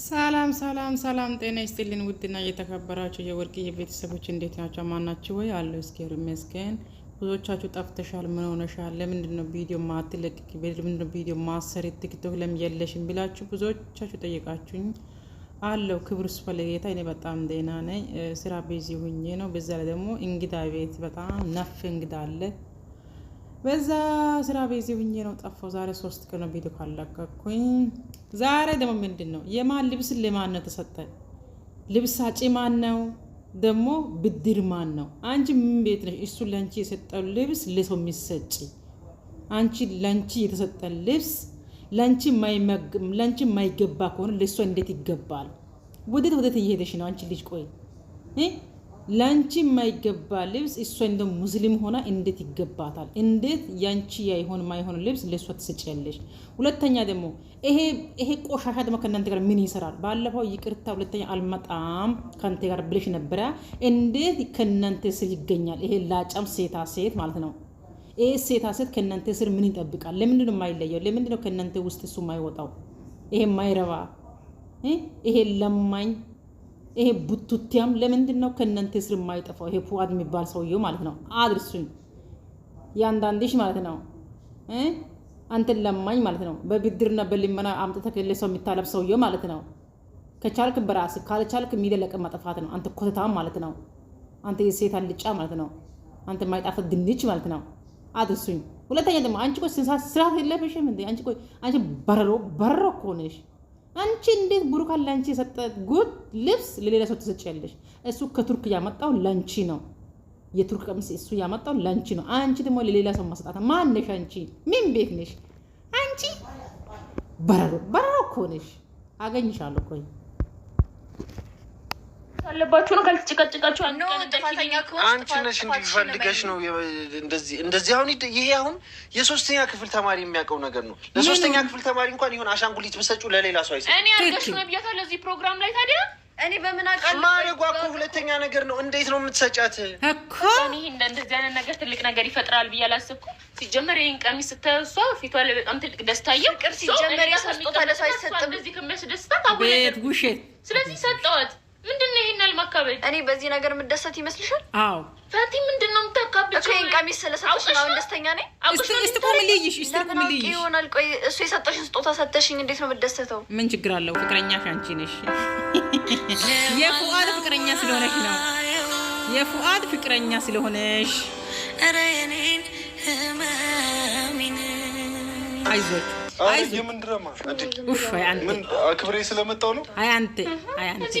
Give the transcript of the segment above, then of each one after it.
ሰላም ሰላም ሰላም፣ ጤና ይስጥልን ውድና እየተከበራችሁ የወርቅዬ ቤተሰቦች እንዴት ናቸው? ማናችሁ ወይ አለው እስኪሩ ይመስገን። ብዙዎቻችሁ ጠፍተሻል፣ ምን ሆነሻል፣ ለምንድን ነው ቪዲዮ ማትለቅቂ፣ ለምንድን ነው ቪዲዮ ማሰሪ፣ ቲክቶክ ለምን የለሽም ብላችሁ ብዙዎቻችሁ ጠየቃችሁኝ። አለው ክብር ውስጥ ፈለጌታ እኔ በጣም ደህና ነኝ። ስራ ቢዚ ሁኜ ነው። በዛ ላይ ደግሞ እንግዳ ቤት በጣም ነፍ እንግዳ አለ። በዛ ስራ ቢዚ ሁኜ ነው ጠፋው። ዛሬ ሶስት ቀን ነው ቪዲዮ ካለቀኩኝ ዛሬ ደግሞ ምንድን ነው የማን ልብስን ለማን ነው ተሰጠን? ልብስ አጪ ማን ነው? ደግሞ ብድር ማን ነው? አንቺ ምን ቤት ነሽ? እሱ ለአንቺ የሰጠው ልብስ ለሰው የሚሰጭ አንቺ ለአንቺ የተሰጠን ልብስ ለአንቺ የማይገባ ከሆነ ለእሷ እንዴት ይገባል? ወዴት ወዴት እየሄደሽ ነው አንቺ ልጅ? ቆይ ለአንቺ የማይገባ ልብስ እሷ እንደ ሙስሊም ሆና እንዴት ይገባታል? እንዴት ያንቺ ያይሆን ማይሆን ልብስ ለእሷ ትሰጪያለሽ? ሁለተኛ ደግሞ ይሄ ቆሻሻ ደግሞ ከእናንተ ጋር ምን ይሰራል? ባለፈው ይቅርታ፣ ሁለተኛ አልመጣም ከአንተ ጋር ብለሽ ነበረ። እንዴት ከእናንተ ስር ይገኛል? ይሄ ላጫም ሴታ ሴት ማለት ነው። ይሄ ሴታ ሴት ከእናንተ ስር ምን ይጠብቃል? ለምንድነው የማይለየው? ለምንድነው ከእናንተ ውስጥ እሱ የማይወጣው? ይሄ ማይረባ ይሄ ለማኝ ይሄ ቡቱቲያም ለምንድን ነው ከእናንተ ስር የማይጠፋው? ይሄ ፉአድ የሚባል ሰውየው ማለት ነው። አድርሱኝ ያንዳንድሽ ማለት ነው። አንተን ለማኝ ማለት ነው። በብድርና በልመና አምጥተህ ሰው የሚታለብ ሰውየው ማለት ነው። ከቻልክ በራስ ካልቻልክ የሚደለቅ ማጠፋት ነው። አንተ ኮተታም ማለት ነው። አንተ የሴት አልጫ ማለት ነው። አንተ የማይጣፈት ድንች ማለት ነው። አድርሱኝ። ሁለተኛ ደግሞ አንቺ ቆይ ስራት የለብሽም እንዴ? አንቺ ቆይ አንቺ በረሮ በረሮ እኮ ነሽ። አንቺ እንዴት ብሩካን ለአንቺ የሰጠ ጉድ ልብስ ለሌላ ሰው ትሰጪያለሽ? እሱ ከቱርክ ያመጣው ለአንቺ ነው። የቱርክ ቀሚስ እሱ ያመጣው ለአንቺ ነው። አንቺ ደግሞ ለሌላ ሰው ማሰጣት ነሽ? አንቺ ምን ቤት ነሽ? አንቺ በረሮ በረሮ እኮ ነሽ። አገኝሻለሁ እኮ አለባችሁ ነው። ካልተጨቃጨቃችሁ አንቺ ነሽ እንዲፈልገሽ ነው። እንደዚህ እንደዚህ አሁን ይሄ አሁን የሶስተኛ ክፍል ተማሪ የሚያውቀው ነገር ነው። ለሶስተኛ ክፍል ተማሪ እንኳን የሆነ አሻንጉሊት ብሰጩ ለሌላ ሰው አይሰ እኔ አርገሽ ነው ብያታለሁ። ለዚህ ፕሮግራም ላይ ታዲያ እኔ በምን አውቃለሁ? ማድረጓ እኮ ሁለተኛ ነገር ነው። እንዴት ነው የምትሰጫት እኮ እንደዚህ አይነት ነገር ትልቅ ነገር ይፈጥራል ብዬ አላሰብኩም። ሲጀመር ይህን ቀሚስ ስተሷ ፊቷ ላይ በጣም ትልቅ ደስታ እየው ቅር ሲጀመር ሰስጦታ አይሰጥም። እንደዚህ ከሚያስደስታት አሁን ቤት ውሸት ስለዚህ ሰጠዋት ምንድን ነው ይሄን ያህል እኔ በዚህ ነገር የምደሰት ይመስልሻል? አዎ ፈቲ፣ ምንድን ነው የምታካብድ? ይሄን ቀሚስ ስለሰጠሽ አሁን ደስተኛ ነኝ። እስቲ ቆም ልይሽ፣ እስቲ ቆም ልይሽ ይሆናል። ቆይ እሱ የሰጠሽን ስጦታ ሰጠሽኝ፣ እንዴት ነው የምደሰተው? ምን ችግር አለው? ፍቅረኛ አንቺ ነሽ። የፉአድ ፍቅረኛ ስለሆነሽ ነው። የፉአድ ፍቅረኛ ስለሆነሽ አይዞች አይዞ አክብሬ ስለመጣው ነው። አይ አንተ አይ አንተ እዚህ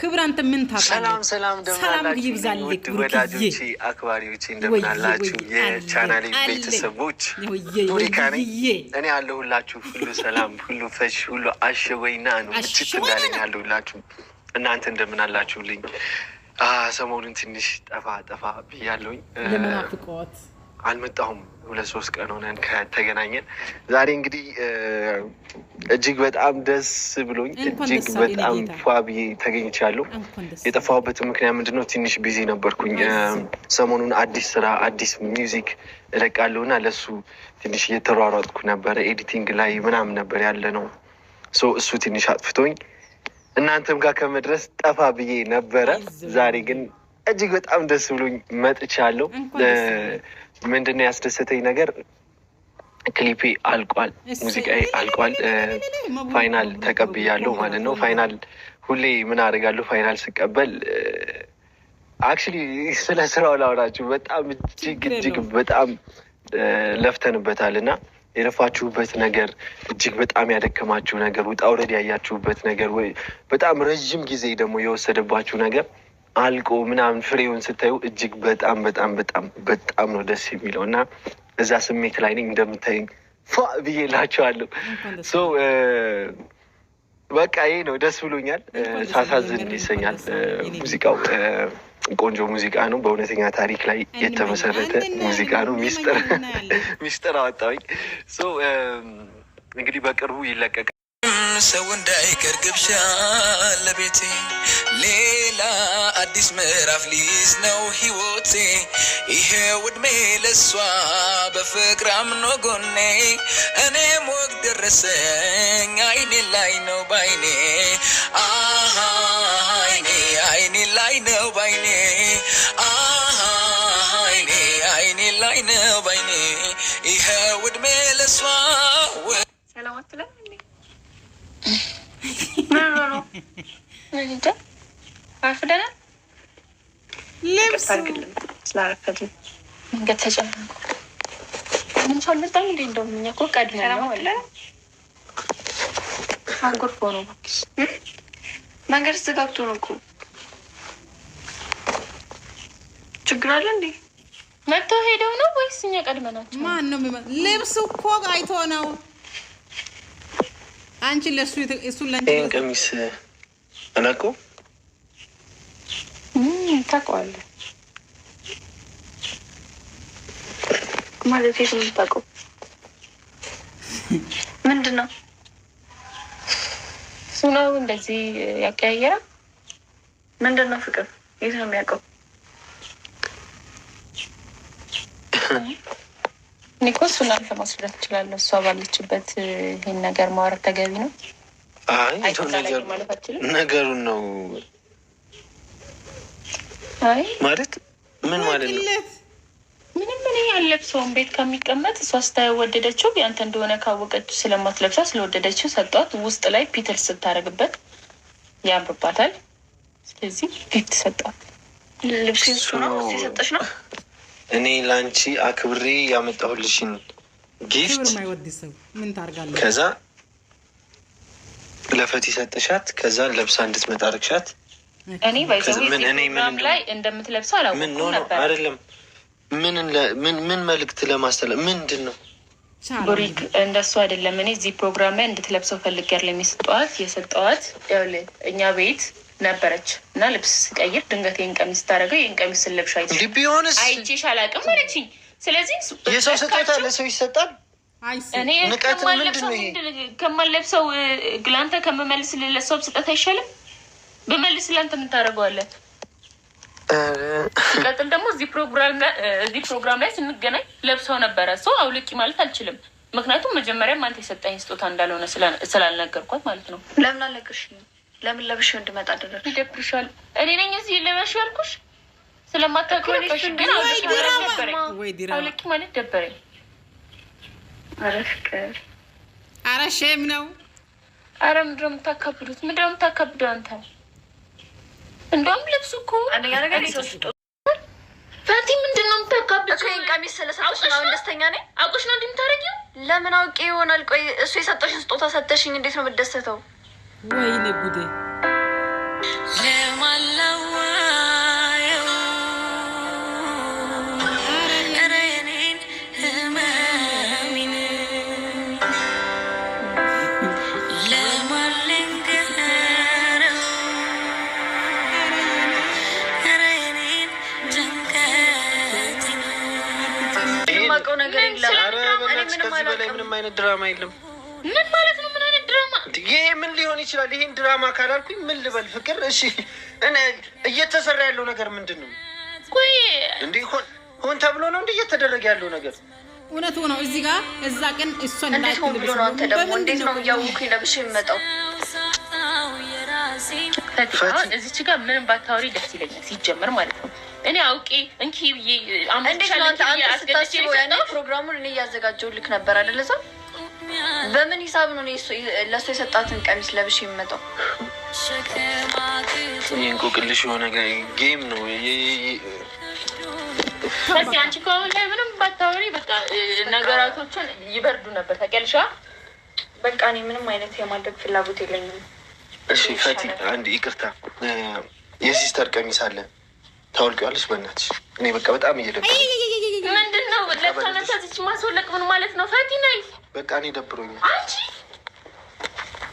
ክብር አንተ ምን ታውቃለህ? ሰላም ሰላም ሰላም ወዳጆቼ አክባሪዎቼ እንደምናላችሁ የቻናሌ ቤተሰቦች ሪካ እኔ አለሁላችሁ። ሁሉ ሰላም፣ ሁሉ ፈሽ፣ ሁሉ አሸወይና ነው እችት እንዳለኝ አለሁላችሁ። እናንተ እንደምናላችሁልኝ። ሰሞኑን ትንሽ ጠፋ ጠፋ ብያለሁኝ። ለመናፍቆት አልመጣሁም ሁለት ሶስት ቀን ሆነን ከተገናኘን ዛሬ እንግዲህ እጅግ በጣም ደስ ብሎኝ እጅግ በጣም ፏ ተገኝቻለሁ። የጠፋሁበት ምክንያት ምንድነው? ትንሽ ቢዚ ነበርኩኝ። ሰሞኑን አዲስ ስራ አዲስ ሚውዚክ እለቃለሁ እና ለሱ ትንሽ እየተሯሯጥኩ ነበረ። ኤዲቲንግ ላይ ምናምን ነበር ያለ ነው። እሱ ትንሽ አጥፍቶኝ እናንተም ጋር ከመድረስ ጠፋ ብዬ ነበረ። ዛሬ ግን እጅግ በጣም ደስ ብሎኝ መጥቻለሁ። ምንድነው ያስደሰተኝ ነገር ክሊፔ አልቋል፣ ሙዚቃ አልቋል። ፋይናል ተቀብያለሁ ማለት ነው። ፋይናል ሁሌ ምን አደርጋለሁ? ፋይናል ስቀበል አክቹሊ ስለ ስራው ላውራችሁ። በጣም እጅግ እጅግ በጣም ለፍተንበታል እና የለፋችሁበት ነገር እጅግ በጣም ያደከማችሁ ነገር፣ ውጣ ውረድ ያያችሁበት ነገር፣ ወይ በጣም ረዥም ጊዜ ደግሞ የወሰደባችሁ ነገር አልቆ ምናምን ፍሬውን ስታዩ እጅግ በጣም በጣም በጣም በጣም ነው ደስ የሚለው እና እዛ ስሜት ላይ ነኝ እንደምታይኝ ፏ ብዬ ላቸዋለሁ። በቃ ይሄ ነው ደስ ብሎኛል። ሳሳዝን ይሰኛል። ሙዚቃው ቆንጆ ሙዚቃ ነው። በእውነተኛ ታሪክ ላይ የተመሰረተ ሙዚቃ ነው። ሚስጥር ሚስጥር አወጣኝ እንግዲህ በቅርቡ ይለቀቃል። ሰው እንዳይቀር ግብዣ ለቤቴ ሌላ አዲስ ምዕራፍ ሊይዝ ነው ሕይወቴ ይሄው ዕድሜ ለሷ በፍቅር አምኖ ጎኔ እኔም ወግ ደረሰኝ አይኔ ላይ ነው ባይኔ አይኔ አይኔ ላይ ነው ባይኔ ነው አርፍደናል። መንገድ ተጨናንኩ። ምን ሰው ልጣ እንዴ እንደውም ነው ተዘጋግቶ ነው እኮ ችግር አለ እንዴ? መጥተው ሄደው ነው ወይስ እኛ ቀድመናቸው? ማን ነው ልብሱ እኮ አይቶ ነው አንቺ ለሱ እሱ ለአንቺ ቀሚስ አላውቀውም። ታውቀዋለህ ማለት የት ነው የምታውቀው? ምንድን ነው እሱ ነው እንደዚህ ያቀያየረ ምንድን ነው? ፍቅር የት ነው የሚያውቀው? እኔ እኮ እሱን ላንተ ማስረዳት እችላለሁ። እሷ ባለችበት ይህን ነገር ማውራት ተገቢ ነው። ነገሩን ነው ማለት ምን ማለት ነው? ምንም እኔ አልለብሰውም። ቤት ከሚቀመጥ እሷ ስታወደደችው ያንተ እንደሆነ ካወቀችው ስለማትለብሳ ስለወደደችው ሰጧት። ውስጥ ላይ ፒትል ስታደርግበት ያምርባታል። ስለዚህ ጊፍት ሰጧት። ልብስ ነው ሰጠች ነው እኔ ላንቺ አክብሬ ያመጣሁልሽን ጊፍት ከዛ ለፈቲ ሰጠሻት። ከዛ ለብሳ እንድትመጣ አድርግሻት። እኔ ላይ እንደምትለብሰው አላውቅም ነበር። አይደለም ምን መልእክት ለማስተላ ምንድን ነው ሪክ እንደሱ አይደለም። እኔ እዚህ ፕሮግራም ላይ እንድትለብሰው ፈልጌያለሁ። የሚሰጠዋት የሰጠዋት እኛ ቤት ነበረች እና ልብስ ስቀይር ድንገት ይህን ቀሚስ ታደረገው ይህን ቀሚስ ስለብሽ ቢሆንስ አይቼሽ አላውቅም አለችኝ። ስለዚህ የሰው ስጦታ ለሰው ይሰጣል። እኔ ከማለብሰው ግላንተ ከመመልስ ለሰው ስጠት አይሻልም? በመልስ ላንተ ምን ታደርገዋለን? ቀጥል ደግሞ እዚህ ፕሮግራም ላይ ስንገናኝ ለብሰው ነበረ ሰው አውልቂ ማለት አልችልም። ምክንያቱም መጀመሪያም አንተ የሰጠኝ ስጦታ እንዳልሆነ ስላልነገርኳት ማለት ነው። ለምን አለቅሽ? ለምን ለብሽ እንድመጣ አደረግሽ? ይደብርሻል። እኔ ነኝ እዚህ ልበሽ ያልኩሽ ስለማታውቂው ማለት ደበረኝ። ኧረ ፍቅር፣ ኧረ ሼም ነው። አረ ምንድን ነው የምታካብዱት? ምንድን የምታካብደው አንተ? እንደውም ልብሱ እኮ አንደኛ ፈቲ፣ ምንድን ነው የምታካብዱት? ይሄን ቀሚስ ስለሰጠሽ ነው ደስተኛ ነኝ። አውቆሽ ነው እንዲህ የምታደርጊው? ለምን አውቄ ይሆናል። ቆይ እሱ የሰጠሽን ስጦታ ሰጠሽኝ። እንዴት ነው የምትደሰተው? ወይኔ ጉዴ ምንም አይነት ድራማ የለም። ይሄ ምን ሊሆን ይችላል? ይሄን ድራማ ካላልኩኝ ምን ልበል? ፍቅር እሺ፣ እየተሰራ ያለው ነገር ምንድን ነው? እንዲህ ሆን ተብሎ ነው እንዲህ እየተደረገ ያለው ነገር እውነቱ ነው። እዚህ ጋር እዛ ቀን እሷ እንዴት ሆን ብሎ ነው? አንተ ደግሞ እንዴት ነው እያወኩኝ ለብሼ የሚመጣው? እዚች ጋር ምንም ባታወሪ ደስ ይለኛል፣ ሲጀምር ማለት ነው። እኔ አውቄ እንኪ ብዬ አምቻ ስታስበው ያኔ ፕሮግራሙን እኔ እያዘጋጀው ልክ ነበር አደለዛ በምን ሂሳብ ነው ለእሱ የሰጣትን ቀሚስ ለብሽ የሚመጣው? እንቆቅልሽ የሆነ ጌም ነው። አንቺ ከሆነ ምንም ባታወሪ በቃ ነገራቶቹን ይበርዱ ነበር። ተቀልሻ በቃ እኔ ምንም አይነት የማድረግ ፍላጎት የለኝም። እሺ ፈቲ፣ አንድ ይቅርታ፣ የሲስተር ቀሚስ አለ ታወልቂዋለሽ። በእናትሽ እኔ በቃ በጣም እየለብ ማስወለቅ ምን ማለት ነው? ፈቲ በቃ እኔ ደብሮኛል። አንቺ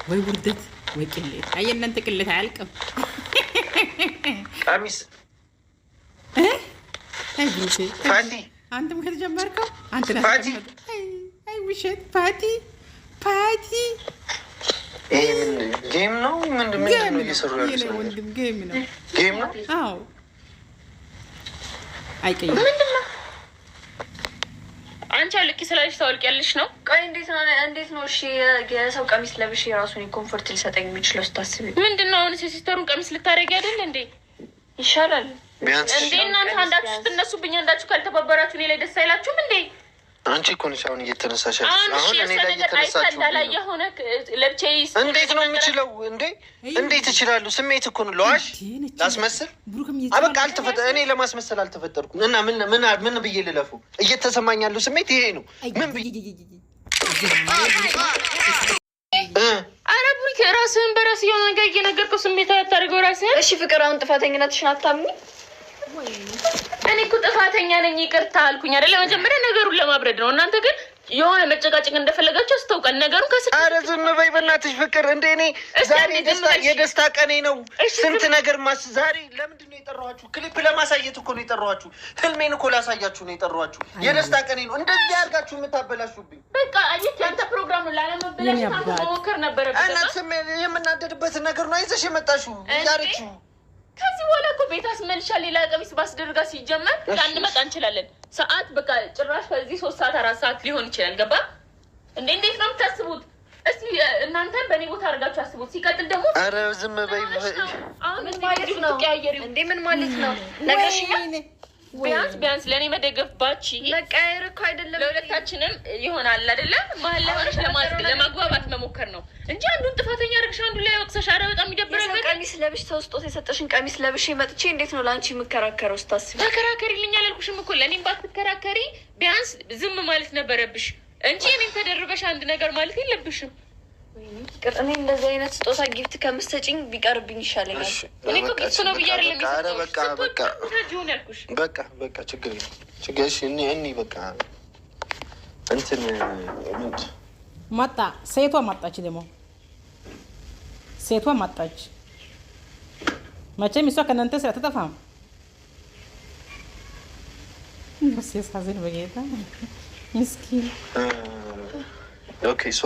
ወይ ውርደት ወይ ቅሌት። አይ እናንተ ቅሌት አያልቅም። ቀሚስ ፋቲ፣ አንተም ከተጀመርከው አንተ አይ ውሸት ፋቲ፣ ፋቲ ጌም ነው። ምንድን ነው እየሰሩ ጌም ነው። ጌም ነው። አዎ አይቀየም አንቺ አልቂ ስላለሽ ታወልቂያለሽ ነው። ቆይ እንዴት ነው እንዴት ነው? እሺ የሰው ቀሚስ ለብሽ የራሱን ኮንፎርት ሊሰጠኝ የሚችለው ስታስቢ ምንድን ነው? አሁን ሲስተሩን ቀሚስ ልታደርጊ አይደል እንዴ? ይሻላል እንዴ እናንተ አንዳችሁ ስትነሱብኝ፣ አንዳችሁ ካልተባበራችሁ እኔ ላይ ደስ አይላችሁም እንዴ? አንቺ እኮ ነሽ አሁን እየተነሳሽ አሁን እኔ ላይ እየተነሳችሁ እንዴት ነው የምችለው? እንዴ እንዴት እችላለሁ? ስሜት እኮ ነው ለዋሽ ላስመስል አበቃ። አልተፈጠ እኔ ለማስመሰል አልተፈጠርኩም እና ምን ብዬ ልለፉ? እየተሰማኝ ያለው ስሜት ይሄ ነው። ምን ብዬ አረቡ ራስህን በራስ የሆነ ነገር እየነገርከው ስሜት አያታደርገው ራስህን። እሺ ፍቅር፣ አሁን ጥፋተኝነትሽን አታምኚ እኔ እኮ ጥፋተኛ ነኝ ይቅርታ አልኩኝ አይደለ? መጀመሪያ ነገሩን ለማብረድ ነው። እናንተ ግን የሆነ መጨቃጨቅ እንደፈለጋችሁ አስታውቃል። ነገሩ ከስ አረ ዝም በይ በእናትሽ ፍቅር። እንደ እኔ ዛሬ የደስታ ቀኔ ነው። ስንት ነገር ማስ ዛሬ ለምንድን ነው የጠራኋችሁ? ክሊፕ ለማሳየት እኮ ነው የጠራኋችሁ። ህልሜን እኮ ላሳያችሁ ነው የጠራኋችሁ። የደስታ ቀኔ ነው። እንደዚህ አድርጋችሁ የምታበላሹብኝ በቃ አየት ያንተ ፕሮግራም ላለመበላሽ መሞከር ነበረ። እናት ስሜ የምናደድበትን ነገር ነው ይዘሽ የመጣችሁ ያረችው ከዚህ በኋላ እኮ ቤት አስመልሻ ሌላ ቀሚስ ባስደርጋ ሲጀመር ላንመጣ እንችላለን። ሰዓት በቃ ጭራሽ ከዚህ ሶስት ሰዓት አራት ሰዓት ሊሆን ይችላል። ገባ እንዴ? እንዴት ነው የምታስቡት? እስቲ እናንተን በእኔ ቦታ አድርጋችሁ አስቡት። ሲቀጥል ደግሞ ኧረ ዝም በይ። አሁን ምን ማለት ነው? ምን ማለት ነው? ነገርሽኛ ቢያንስ ቢያንስ ለእኔ መደገፍ ባች መቀየር እኮ አይደለም። ለሁለታችንም ይሆናል አይደለም መሀል ላይ ለማግባባት መሞከር ነው እንጂ አንዱን ጥፋተኛ አድርግሽ አንዱ ላይ ወቅሰሽ፣ አረ በጣም ይደብራል። ቀሚስ ለብሽ ሰው ስጦታ የሰጠሽን ቀሚስ ለብሽ መጥቼ እንዴት ነው ለአንቺ የምከራከረው? ስታስቢ ልኛ አላልኩሽም እኮ ለእኔም ባትከራከሪ ቢያንስ ዝም ማለት ነበረብሽ እንጂ እኔም ተደርበሽ አንድ ነገር ማለት የለብሽም። ፍቅር እኔ እንደዚህ አይነት ስጦታ ጊፍት ከምትሰጪኝ ቢቀርብኝ ይሻለኛል። እኔ እኮ በቃ በቃ ችግር ችግር እኔ በቃ እንትን መጣ። ሴቷ መጣች፣ ደግሞ ሴቷ መጣች። መቼም እሷ ከእናንተ ስራ ትጠፋም። በጌታ ምስኪን ኦኬ ሶ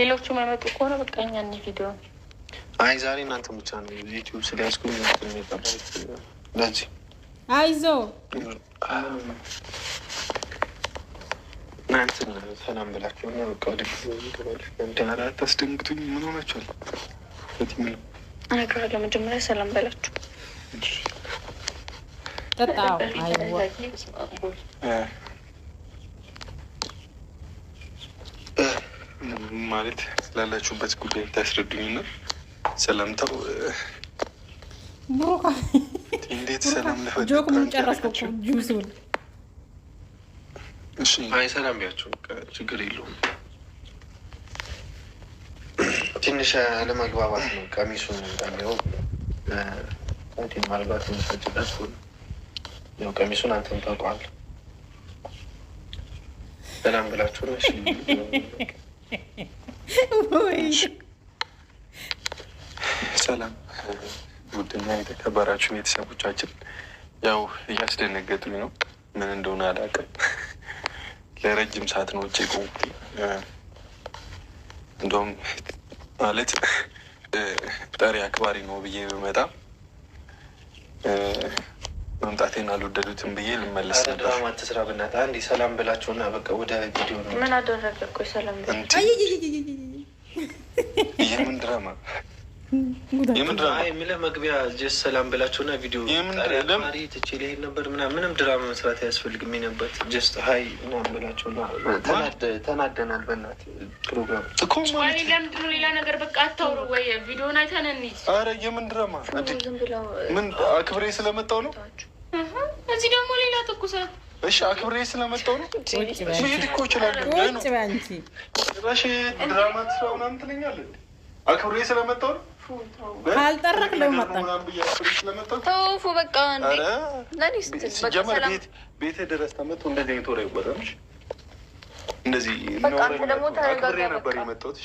ሌሎቹ የማይመጡ ከሆነ በቃ እኛ ቪዲዮ አይ ዛሬ እናንተ ብቻ ነው ዩቲዩብ ስለያዝኩ ለዚህ አይዞ እናንተ ሰላም ብላቸው እና በቃ ወደ አታስደንግጡኝ። ምን ሆናችኋል? ነገር ለመጀመሪያ ሰላም በላችሁ ጠጣ ማለት ስላላችሁበት ጉዳይ ታስረዱኝ ታስረዱኝና ሰላምታው ብሩክ እንዴት ሰላም ልፈጥ ምን ጨረስኩ ጁሱን። አይ ሰላም ቢያቸው ችግር የለውም። ትንሽ አለመግባባት ነው። ቀሚሱን እንዳለው ቴን ማልባት የሚፈጭበት ያው ቀሚሱን አንተም ታውቀዋል። ሰላም ብላችሁ ነሽ ሰላም ቡድና የተከበራችሁ ቤተሰቦቻችን፣ ያው እያስደነገጡኝ ነው። ምን እንደሆነ አላውቅም። ለረጅም ሰዓት ነው ውጭ ቆምኩት። እንደውም ማለት ጠሪ አክባሪ ነው ብዬ ብመጣ መምጣቴን አልወደዱትም ብዬ ልመለስ ነበር። ስራ ብናት አንዴ ሰላም ብላቸውና በቃ ወደ ቪዲዮ ነው። ምን አደረገ? ቆይ ሰላም ይህ ምን ድራማ የምልህ መግቢያ ጀስት ሰላም ብላቸውና ቪዲዮ ትቼ ልሄድ ነበር ምንም ድራማ መስራት አያስፈልግም ነበር። ጀስት ሀይ ምናምን ተናደናል። በእናትህ ፕሮግራም ሌላ ነገር በቃ አታውሩ ወይ ቪዲዮን የምን ድራማ ምን አክብሬ ስለመጣው ነው። እዚህ ደግሞ ሌላ ትኩሳት እሺ አክብሬ ነው። መሄድ እኮ እችላለሁ። ድራማ ትስራ ምናምን ትለኛለህ። አክብሬ ነው። ካልጠረቅ ለመጣተውፉ በቃ ሲጀመር ቤት ድረስ ተመቶ እንደዚህ አይነት ወሬ አይወጣም። እንደዚህ ነበር የመጣሁት።